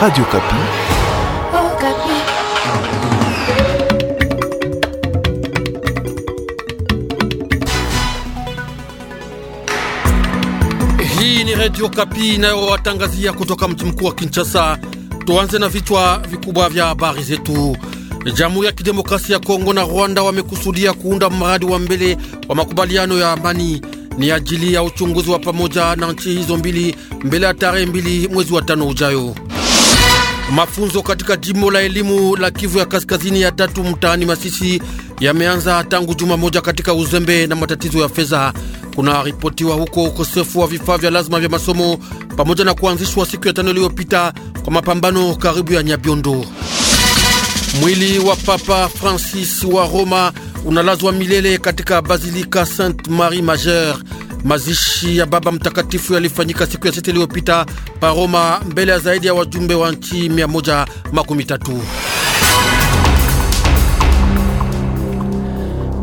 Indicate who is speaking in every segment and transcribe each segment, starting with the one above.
Speaker 1: Radio Kapi.
Speaker 2: Oh, Kapi.
Speaker 3: Hii ni Radio Kapi inayowatangazia kutoka mji mkuu wa Kinshasa. Tuanze na vichwa vikubwa vya habari zetu. Jamhuri ya Kidemokrasia ya Kongo na Rwanda wamekusudia kuunda mradi wa mbele wa makubaliano ya amani ni ajili ya uchunguzi wa pamoja na nchi hizo mbili mbele ya tarehe mbili mwezi wa tano ujayo. Mafunzo katika jimbo la elimu la Kivu ya kaskazini ya tatu mtaani Masisi yameanza tangu juma moja katika uzembe na matatizo ya fedha. Kuna ripotiwa huko ukosefu wa vifaa vya lazima vya masomo pamoja na kuanzishwa siku ya tano iliyopita kwa mapambano karibu ya Nyabiondo. Mwili wa Papa Francis wa Roma unalazwa milele katika Basilika Sainte Marie Majeure. Mazishi ya Baba Mtakatifu yalifanyika siku ya sita iliyopita Paroma, mbele ya zaidi ya wajumbe wa nchi 113.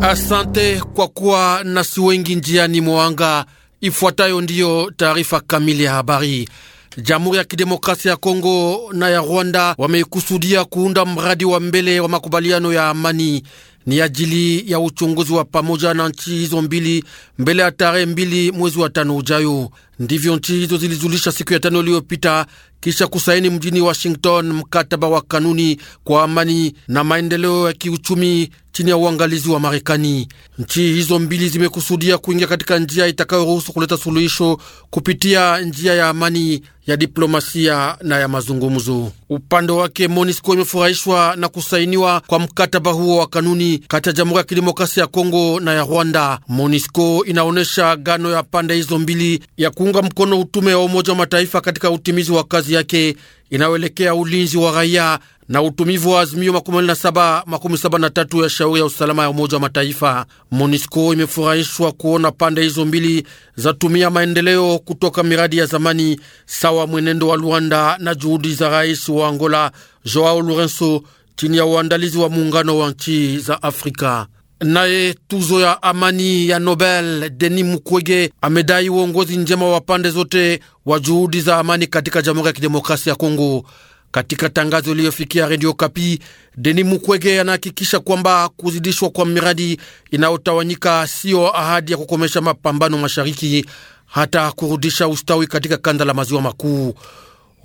Speaker 3: Asante kwa kuwa nasi wengi njiani mwanga. Ifuatayo ndiyo taarifa kamili ya habari. Jamhuri ya Kidemokrasia ya Kongo na ya Rwanda wameikusudia kuunda mradi wa mbele wa makubaliano ya amani ni ajili ya uchunguzi wa pamoja na nchi hizo mbili mbele ya tarehe mbili mwezi wa tano ujayo. Ndivyo nchi hizo zilizulisha siku ya tano iliyopita kisha kusaini mjini Washington mkataba wa kanuni kwa amani na maendeleo ya kiuchumi chini ya uangalizi wa Marekani. Nchi hizo mbili zimekusudia kuingia katika njia itakayoruhusu kuleta suluhisho kupitia njia ya amani ya diplomasia na ya mazungumzo. Upande wake, MONUSCO imefurahishwa na kusainiwa kwa mkataba huo wa kanuni kati ya Jamhuri ya Kidemokrasia ya Kongo na ya Rwanda. MONUSCO inaonyesha gano ya pande hizo mbili ya ku kuunga mkono utume wa Umoja wa Mataifa katika utimizi wa kazi yake inayoelekea ulinzi wa raia na utumivu wa azimio 2773 ya shauri ya usalama ya Umoja wa Mataifa. MONUSCO imefurahishwa kuona pande hizo mbili zatumia maendeleo kutoka miradi ya zamani sawa mwenendo wa Luanda na juhudi za rais wa Angola Joao Lourenco chini ya uandalizi wa muungano wa nchi za Afrika. Naye tuzo ya amani ya Nobel Denis Mukwege amedai uongozi njema wa pande zote wa juhudi za amani katika Jamhuri ya Kidemokrasia ya Kongo. Katika tangazo iliyofikia Redio Kapi, Denis Mukwege anahakikisha kwamba kuzidishwa kwa miradi inayotawanyika siyo ahadi ya kukomesha mapambano mashariki, hata kurudisha ustawi katika kanda la maziwa makuu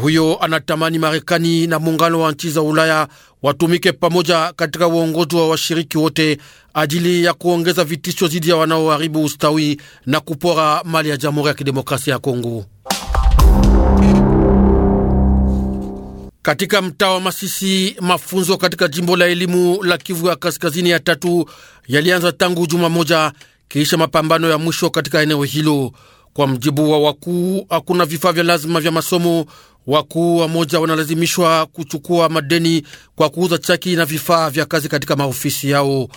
Speaker 3: huyo anatamani Marekani na muungano wa nchi za Ulaya watumike pamoja katika uongozi wa washiriki wote ajili ya kuongeza vitisho dhidi ya wanaoharibu ustawi na kupora mali ya Jamhuri ya Kidemokrasia ya Kongo. Katika mtaa wa Masisi, mafunzo katika jimbo la elimu la Kivu ya kaskazini ya tatu yalianza tangu juma moja kisha mapambano ya mwisho katika eneo hilo. Kwa mjibu wa wakuu, hakuna vifaa vya lazima vya masomo Wakuu wa moja wanalazimishwa kuchukua madeni kwa kuuza chaki na vifaa vya kazi katika maofisi yao.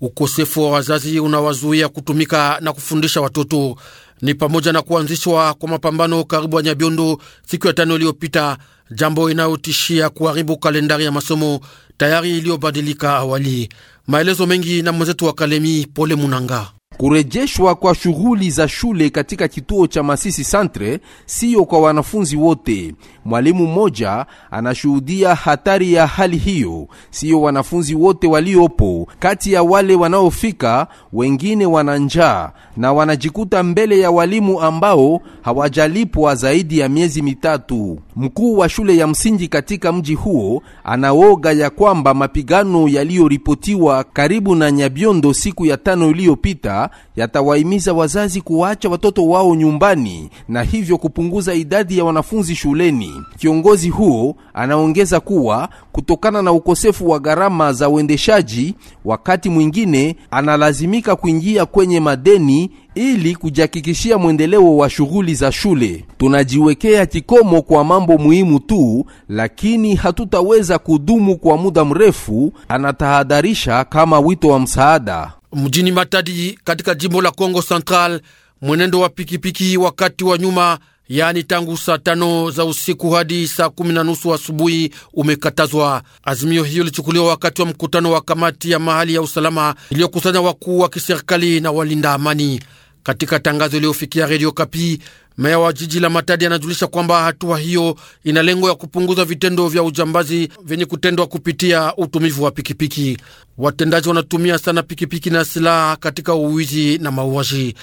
Speaker 3: Ukosefu wa wazazi unawazuia kutumika na kufundisha watoto, ni pamoja na kuanzishwa kwa mapambano karibu ya Nyabiondo siku ya tano iliyopita, jambo inayotishia kuharibu kalendari ya masomo tayari iliyobadilika awali. Maelezo mengi na mwenzetu wa Kalemi, Pole Munanga. Kurejeshwa kwa
Speaker 4: shughuli za shule katika kituo cha Masisi Centre siyo kwa wanafunzi wote. Mwalimu mmoja anashuhudia hatari ya hali hiyo. Siyo wanafunzi wote waliopo, kati ya wale wanaofika, wengine wana njaa na wanajikuta mbele ya walimu ambao hawajalipwa zaidi ya miezi mitatu. Mkuu wa shule ya msingi katika mji huo anaoga ya kwamba mapigano yaliyoripotiwa karibu na Nyabiondo siku ya tano iliyopita yatawahimiza wazazi kuwaacha watoto wao nyumbani na hivyo kupunguza idadi ya wanafunzi shuleni. Kiongozi huo anaongeza kuwa kutokana na ukosefu wa gharama za uendeshaji, wakati mwingine analazimika kuingia kwenye madeni ili kujihakikishia mwendeleo wa shughuli za shule. Tunajiwekea kikomo kwa mambo muhimu tu, lakini hatutaweza kudumu kwa muda mrefu, anatahadharisha kama wito wa msaada
Speaker 3: mjini Matadi katika jimbo la Kongo Central, mwenendo wa pikipiki wakati wa nyuma, yaani tangu saa tano za usiku hadi saa kumi na nusu asubuhi umekatazwa. Azimio hiyo ilichukuliwa wakati wa mkutano wa kamati ya mahali ya usalama iliyokusanya wakuu wa kiserikali na walinda amani. Katika tangazo iliyofikia redio Kapi, Meya wa jiji la Matadi anajulisha kwamba hatua hiyo ina lengo ya kupunguza vitendo vya ujambazi vyenye kutendwa kupitia utumivu wa pikipiki. Watendaji wanatumia sana pikipiki na silaha katika uwizi na mauaji.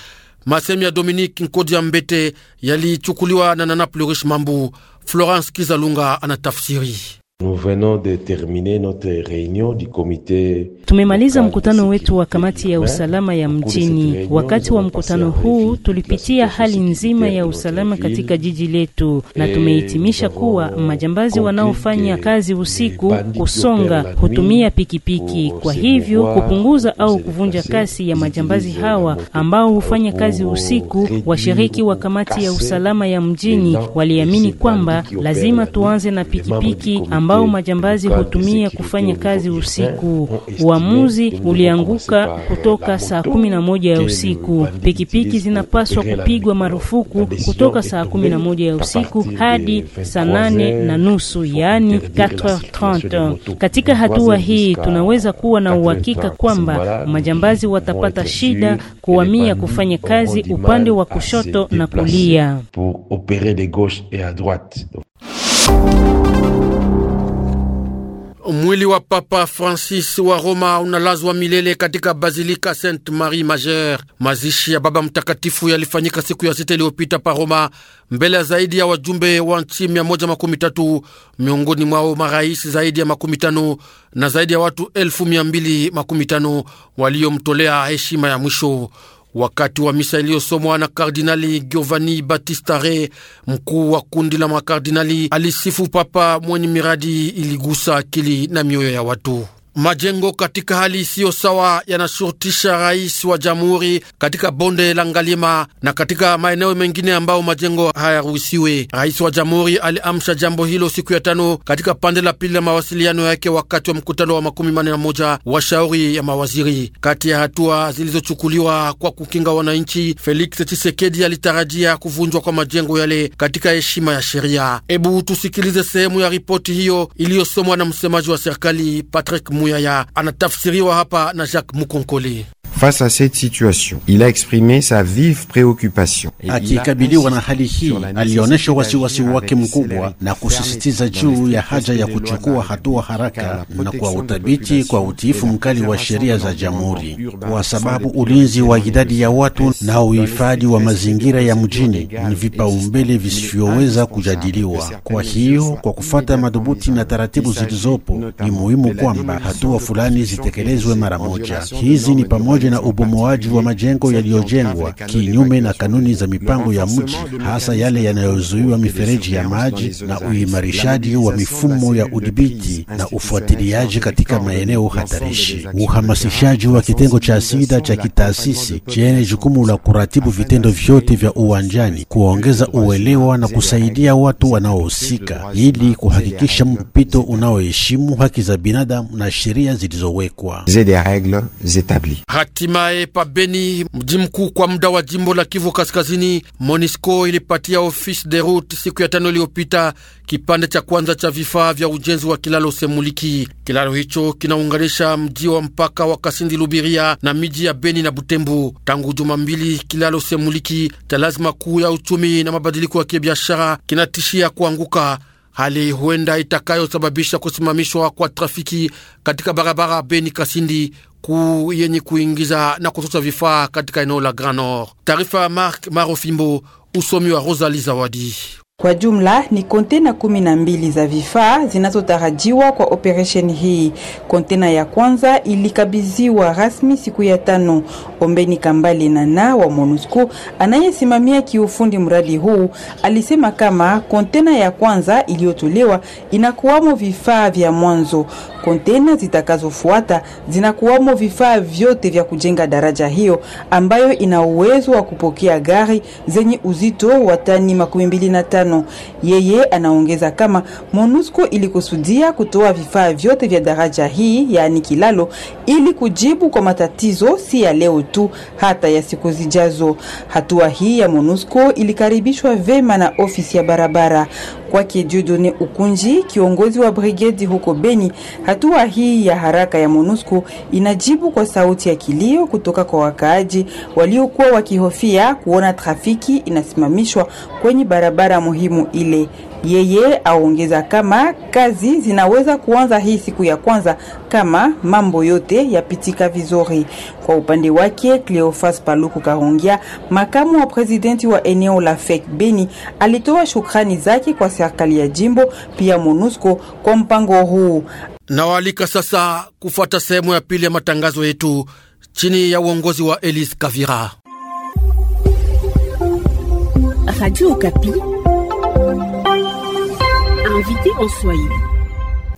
Speaker 3: Masemi ya Dominique Nkodia Mbete yalichukuliwa na Nana Plurish Mambu. Florence Kizalunga anatafsiri.
Speaker 2: Tumemaliza mkutano wetu wa kamati ya usalama ya mjini. Wakati wa mkutano huu tulipitia hali nzima ya usalama katika jiji letu na tumehitimisha kuwa majambazi wanaofanya kazi usiku kusonga hutumia pikipiki. Kwa hivyo kupunguza au kuvunja kasi ya majambazi hawa ambao hufanya kazi usiku, washiriki wa kamati ya usalama ya mjini waliamini kwamba lazima tuanze na pikipiki ambao majambazi hutumia kufanya kazi usiku. Oh, Uamuzi ulianguka kutoka saa kumi na moja ya usiku. Pikipiki zinapaswa kupigwa marufuku kutoka saa kumi na moja ya usiku hadi saa nane na nusu yaani 4:30. Katika hatua hii tunaweza kuwa na uhakika kwamba majambazi watapata shida kuhamia kufanya kazi
Speaker 4: upande wa kushoto na kulia.
Speaker 3: Mwili wa Papa Francis wa Roma unalazwa milele katika Bazilika Saint Marie Majer. Mazishi ya Baba Mtakatifu yalifanyika siku ya sita iliyopita pa Roma, mbele ya zaidi ya wajumbe wa nchi 113 miongoni mwao marais zaidi ya tano na zaidi ya watu 1215 waliomtolea heshima ya mwisho wakati wa misa iliyosomwa na Kardinali Giovanni Battista Re, mkuu wa kundi la makardinali, alisifu papa mwenye miradi iligusa akili na mioyo ya watu. Majengo katika hali isiyo sawa yanashurutisha rais wa jamhuri katika bonde la Ngalima na katika maeneo mengine ambayo majengo hayaruhusiwe. Rais wa jamhuri aliamsha jambo hilo siku ya tano katika pande la pili la mawasiliano yake wakati wa mkutano wa makumi manne na moja wa shauri ya mawaziri. Kati ya hatua zilizochukuliwa kwa kukinga wananchi, Felix Tshisekedi alitarajia kuvunjwa kwa majengo yale katika heshima ya sheria. Ebu tusikilize sehemu ya ripoti hiyo iliyosomwa na msemaji wa serikali Patrick Muyaya anatafsiriwa hapa na Jacques Mukonkoli.
Speaker 5: Face à cette situation, il a exprimé sa vive préoccupation. Akikabiliwa na hali hii, alionyesha wasiwasi wake mkubwa na kusisitiza juu ya haja ya kuchukua
Speaker 1: hatua haraka na kwa uthabiti, kwa utiifu mkali wa sheria za jamhuri, kwa sababu ulinzi wa idadi ya watu na uhifadhi wa mazingira ya mjini ni vipaumbele visivyoweza kujadiliwa. Kwa hiyo, kwa kufata madhubuti na taratibu zilizopo, ni muhimu kwamba hatua fulani zitekelezwe mara moja. Hizi ni pamoja na ubomoaji wa majengo yaliyojengwa kinyume na kanuni za mipango ya mji, hasa yale yanayozuiwa mifereji ya maji na uimarishaji wa mifumo ya udhibiti na ufuatiliaji katika maeneo hatarishi. Uhamasishaji wa kitengo cha sida cha kitaasisi chenye jukumu la kuratibu vitendo vyote vya uwanjani, kuongeza uelewa na kusaidia watu wanaohusika ili kuhakikisha mpito unaoheshimu haki za binadamu na sheria zilizowekwa.
Speaker 3: Hatimaye pa Beni, mji mkuu kwa muda wa jimbo la Kivu Kaskazini, MONISCO ilipatia ofisi de route siku ya tano iliyopita kipande cha kwanza cha vifaa vya ujenzi wa kilalo Semuliki. Kilalo hicho kinaunganisha mji wa mpaka wa Kasindi Lubiria na miji ya Beni na Butembo. Tangu juma mbili, kilalo Semuliki cha lazima kuu ya uchumi na mabadiliko ya kibiashara kinatishia kuanguka hali huenda itakayosababisha kusimamishwa kwa trafiki katika barabara Beni Kasindi kuu yenye kuingiza na kutosha vifaa katika eneo la Grand Nord. Taarifa ya Mark Marofimbo, usomi wa Rosali Zawadi.
Speaker 6: Kwa jumla ni kontena kumi na mbili za vifaa zinazotarajiwa kwa operesheni hii. Kontena ya kwanza ilikabidhiwa rasmi siku ya tano. Ombeni Kambale Nana wa MONUSCO anayesimamia kiufundi mradi huu alisema kama kontena ya kwanza iliyotolewa inakuwamo vifaa vya mwanzo. Kontena zitakazofuata zinakuwamo vifaa vyote vya kujenga daraja hiyo ambayo ina uwezo wa kupokea gari zenye uzito wa tani makumi mbili na tano. Yeye anaongeza kama MONUSCO ilikusudia kutoa vifaa vyote vya daraja hii yaani kilalo, ili kujibu kwa matatizo si ya leo tu, hata ya siku zijazo. Hatua hii ya MONUSCO ilikaribishwa vema na ofisi ya barabara. Kwake Dieudonne Ukunji, kiongozi wa brigedi huko Beni, hatua hii ya haraka ya MONUSCO inajibu kwa sauti ya kilio kutoka kwa wakaaji waliokuwa wakihofia kuona trafiki inasimamishwa kwenye barabara muhimu ile. Yeye aongeza kama kazi zinaweza kuanza hii siku ya kwanza kama mambo yote yapitika vizuri. Kwa upande wake, Cleophas Paluku Karongia, makamu wa presidenti wa eneo la FEC Beni, alitoa shukrani zake kwa serikali ya jimbo pia MONUSCO kwa mpango huu.
Speaker 3: Nawaalika sasa kufuata sehemu ya pili ya matangazo yetu chini ya uongozi wa Elise Kavira.
Speaker 7: Radio Kapi
Speaker 8: invité en Swahili.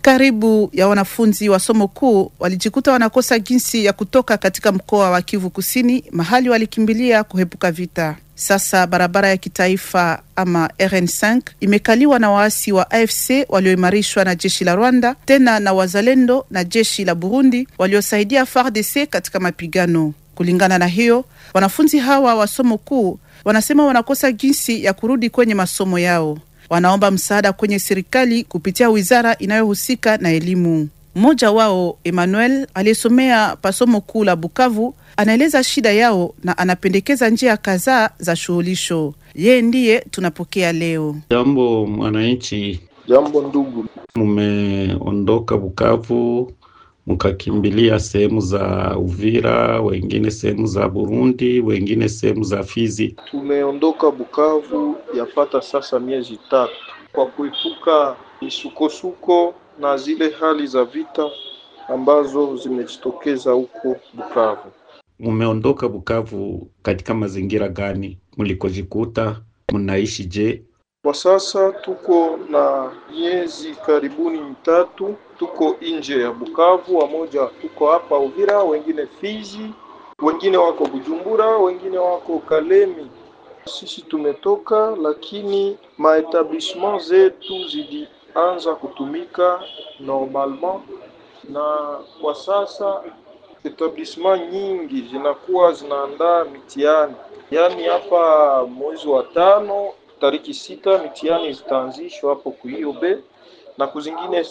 Speaker 7: Karibu ya wanafunzi wa somo kuu walijikuta wanakosa jinsi ya kutoka katika mkoa wa Kivu Kusini, mahali walikimbilia kuhepuka vita. Sasa barabara ya kitaifa ama RN5 imekaliwa na waasi wa AFC walioimarishwa na jeshi la Rwanda, tena na wazalendo na jeshi la Burundi waliosaidia FARDC katika mapigano. Kulingana na hiyo, wanafunzi hawa wa somo kuu wanasema wanakosa jinsi ya kurudi kwenye masomo yao wanaomba msaada kwenye serikali kupitia wizara inayohusika na elimu. Mmoja wao Emmanuel aliyesomea pasomo kuu la Bukavu anaeleza shida yao na anapendekeza njia kadhaa za shughulisho. Yeye ndiye tunapokea leo.
Speaker 9: Jambo mwananchi. Jambo ndugu, mumeondoka Bukavu mkakimbilia sehemu za Uvira, wengine sehemu za Burundi, wengine sehemu za Fizi. Tumeondoka Bukavu yapata sasa miezi tatu, kwa kuepuka misukosuko na zile hali za vita ambazo zimejitokeza huko Bukavu. Mumeondoka Bukavu katika mazingira gani? Mlikojikuta mnaishi je? Kwa sasa tuko na miezi karibuni mitatu tuko nje ya Bukavu, wamoja tuko hapa Uvira, wengine Fizi, wengine wako Bujumbura, wengine wako Kalemi. Sisi tumetoka, lakini maetablissement zetu zilianza kutumika normalement, na kwa sasa etablissement nyingi zinakuwa zinaandaa mitihani, yaani hapa mwezi wa tano tariki sita mitihani zitaanzishwa hapo kuiobe na kuzingine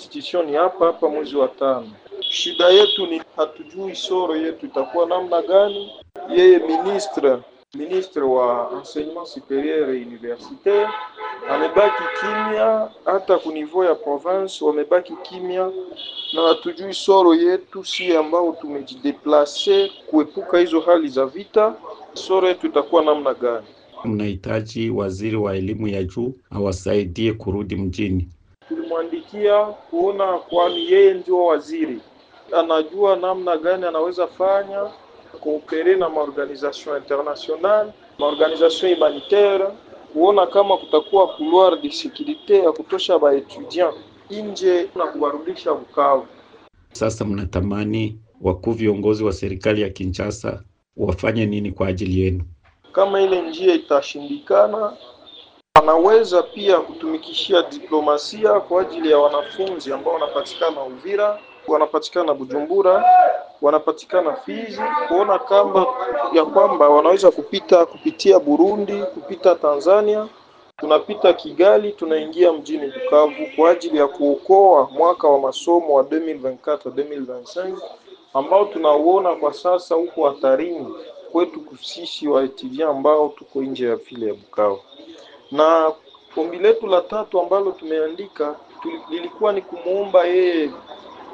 Speaker 9: ni hapa hapa mwezi wa tano. Shida yetu ni hatujui soro yetu itakuwa namna gani. Yeye ministre ministre wa enseignement superieur et universitaire amebaki kimya, hata ku niveau ya province wamebaki kimya na hatujui soro yetu, si ambao tumejideplase kuepuka hizo hali za vita, soro yetu itakuwa namna gani? mnahitaji waziri wa elimu ya juu awasaidie kurudi mjini. Tulimwandikia kuona, kwani yeye ndio waziri anajua namna gani anaweza fanya koopere na maorganisation international maorganisation humanitaire, kuona kama kutakuwa couloir de securite ya kutosha baetudiant nje na kuwarudisha Bukavu. Sasa mnatamani wakuu viongozi wa serikali ya Kinshasa wafanye nini kwa ajili yenu? Kama ile njia itashindikana, anaweza pia kutumikishia diplomasia kwa ajili ya wanafunzi ambao wanapatikana Uvira, wanapatikana Bujumbura, wanapatikana Fizi, kuona kamba ya kwamba wanaweza kupita kupitia Burundi, kupita Tanzania, tunapita Kigali, tunaingia mjini Bukavu kwa ajili ya kuokoa mwaka wa masomo wa 2024 2025 ambao tunauona kwa sasa huko hatarini kwetu sisi waetudian ambao tuko nje ya vile ya Bukavu. Na ombi letu la tatu ambalo tumeandika lilikuwa ni kumwomba yeye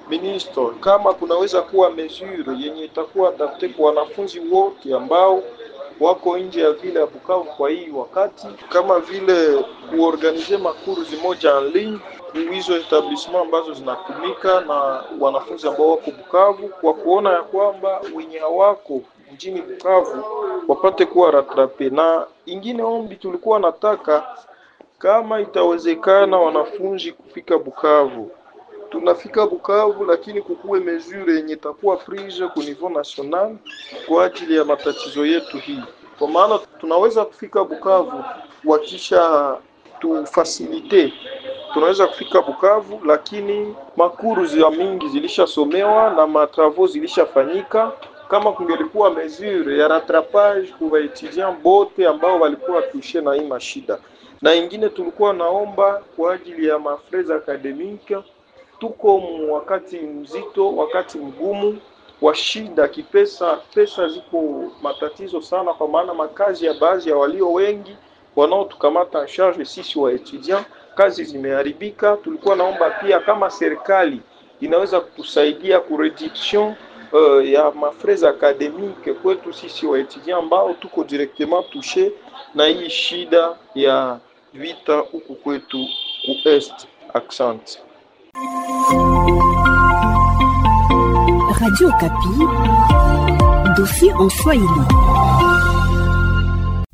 Speaker 9: ministre kama kunaweza kuwa mesure yenye itakuwa adapte kwa wanafunzi wote ambao wako nje ya vile ya Bukavu kwa hii wakati, kama vile kuorganize makuru zimoja en ligne hizo etablissement ambazo zinatumika na wanafunzi ambao wako Bukavu, kwa kuona ya kwamba wenye hawako mjini Bukavu wapate kuwa ratrape. Na ingine ombi tulikuwa nataka kama itawezekana wanafunzi kufika Bukavu, tunafika Bukavu, lakini kukuwe mesure yenye takuwa frise ku niveau national kwa ajili ya matatizo yetu hii, kwa maana tunaweza kufika Bukavu wakisha tufasilite tunaweza kufika Bukavu, lakini makuru ya mingi zilishasomewa na matravau zilishafanyika kama kungelikuwa mesure ya rattrapage kwa waetudian bote ambao walikuwa tushe na hii mashida, na ingine tulikuwa naomba kwa ajili ya mafreze akademike. Tuko wakati mzito, wakati mgumu wa shida kipesa. Pesa ziko matatizo sana, kwa maana makazi ya baadhi ya walio wengi wanaotukamata en charge sisi wa etudiant, kazi zimeharibika. Tulikuwa naomba pia kama serikali inaweza kutusaidia ku reduction uh, ya mafrase akademike kwetu sisi waetudia ambao tuko directement tushe na hii shida ya vita huku kwetu est accent
Speaker 8: Radio Kapi, dofi en Swahili.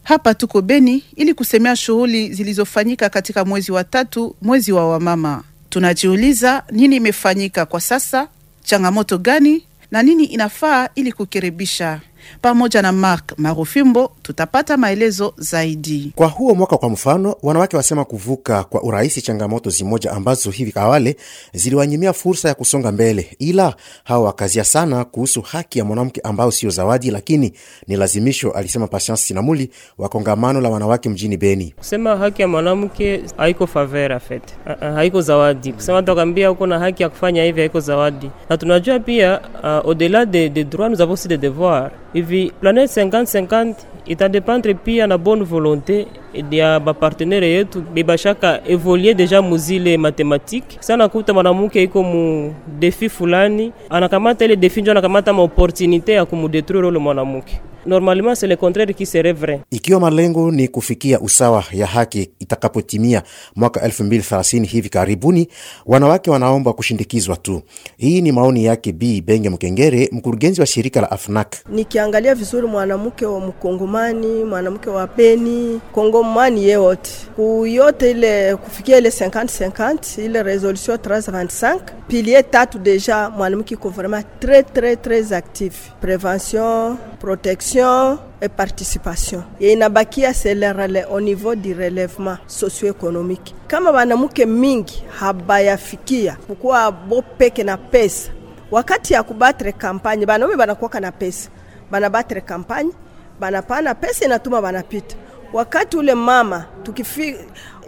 Speaker 8: Hapa
Speaker 7: tuko Beni ili kusemea shughuli zilizofanyika katika mwezi wa tatu, mwezi wa wamama. Tunajiuliza nini imefanyika kwa sasa, changamoto gani na nini inafaa ili kukirebisha pamoja na Mark Marufimbo tutapata maelezo
Speaker 5: zaidi. Kwa huo mwaka, kwa mfano, wanawake wasema kuvuka kwa urahisi changamoto zimoja ambazo hivi kawale ziliwanyimia fursa ya kusonga mbele, ila hawa wakazia sana kuhusu haki ya mwanamke ambao sio zawadi, lakini ni lazimisho, alisema Patience Sinamuli wa kongamano la wanawake mjini Beni.
Speaker 2: Kusema haki ya mwanamke haiko favera fete, uh-uh, haiko zawadi. Kusema tukaambia uko na haki ya kufanya hivi, haiko zawadi, na tunajua pia uh, au dela de, de droit nous avons aussi des devoirs Et puis, planète 50-50, est à dépendre puis à la bonne volonté ya bapartenere yetu bebashaka evolue deja muzile matematike. Sasa nakuta mwanamke iko mu defi fulani, anakamata ile defi njo anakamata ma opportunite ya kumudetruire ule mwanamke. Normalement c'est le contraire qui serait vrai.
Speaker 5: Ikiwa malengo ni kufikia usawa ya haki itakapotimia mwaka 2030 hivi karibuni, wanawake wanaomba kushindikizwa tu. Hii ni maoni yake b Benge Mkengere, mkurugenzi wa shirika la Afnak.
Speaker 8: Nikiangalia vizuri, mwanamke wa Mkongomani, mwanamke wa Beni Kongo Wakongomani ye wote kuyote ile kufikia ile 50 50 ile resolution 325 pilier tatu deja mwanamke iko vraiment tres tres tres active: prevention, protection et participation. Ye inabakia selele au niveau du relèvement socio-économique. Kama wanamke mingi habayafikia kukuwa bopeke na pesa, wakati ya kubatre kampanye banaume banakuwaka na pesa, banabatre kampanye banapana pesa, inatuma banapita wakati ule mama tukifika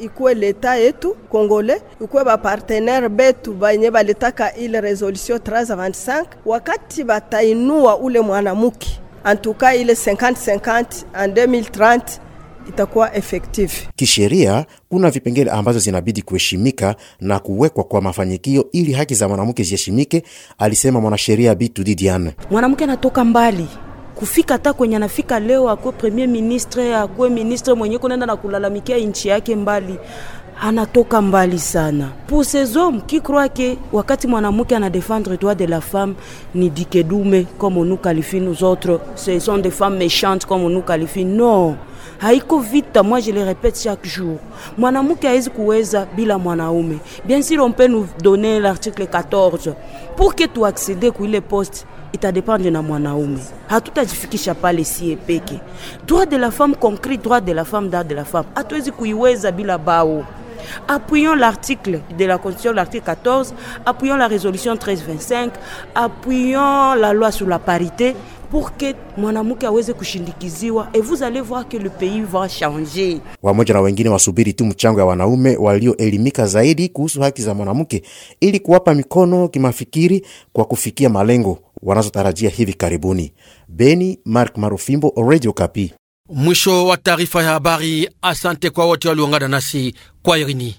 Speaker 8: ikuwe leta yetu Kongole, ikuwe bapartenere betu banye baletaka ile resolution 325 wakati batainua ule mwanamuke antuka ile 50-50 en 2030 itakuwa effective.
Speaker 5: Kisheria kuna vipengele ambazo zinabidi kuheshimika na kuwekwa kwa mafanikio ili haki za mwanamke ziheshimike, alisema mwanasheria Bitu Didiane.
Speaker 2: Mwanamke anatoka mbali kufika hata kwenye anafika leo, akuwe premier ministre, akuwe ministre mwenye kunaenda na kulalamikia nchi yake mbali anatoka mbali sana pour ces hommes qui croient que wakati mwanamke ana défendre droit de la femme ni dikedume comme on nous qualifie nous autres ce sont des femmes méchantes comme on nous qualifie non haiko vita moi je le répète chaque jour mwanamke hawezi kuweza bila mwanaume bien sûr on peut nous donner l'article 14 pour que tu accéder kuile poste itadepende na mwanaume. Hatutajifikisha pale sie peke. Droit de la femme concret, droit de la femme, droit de la femme hatuwezi kuiweza bila bao. Appuyons l'article de la Constitution, l'article 14, appuyons la résolution 1325, appuyons la loi sur la parité pour que mwanamke aweze kushindikiziwa et vous allez voir que le pays
Speaker 8: va changer.
Speaker 5: Wamoja na wengine wasubiri tu mchango ya wanaume walioelimika zaidi kuhusu haki za mwanamke ili kuwapa mikono kimafikiri kwa kufikia malengo wanazotarajia hivi karibuni. Beni, Mark Marufimbo, Radio Kapi.
Speaker 3: Mwisho wa taarifa ya habari. Asante kwa wote walioungana nasi kwa irini.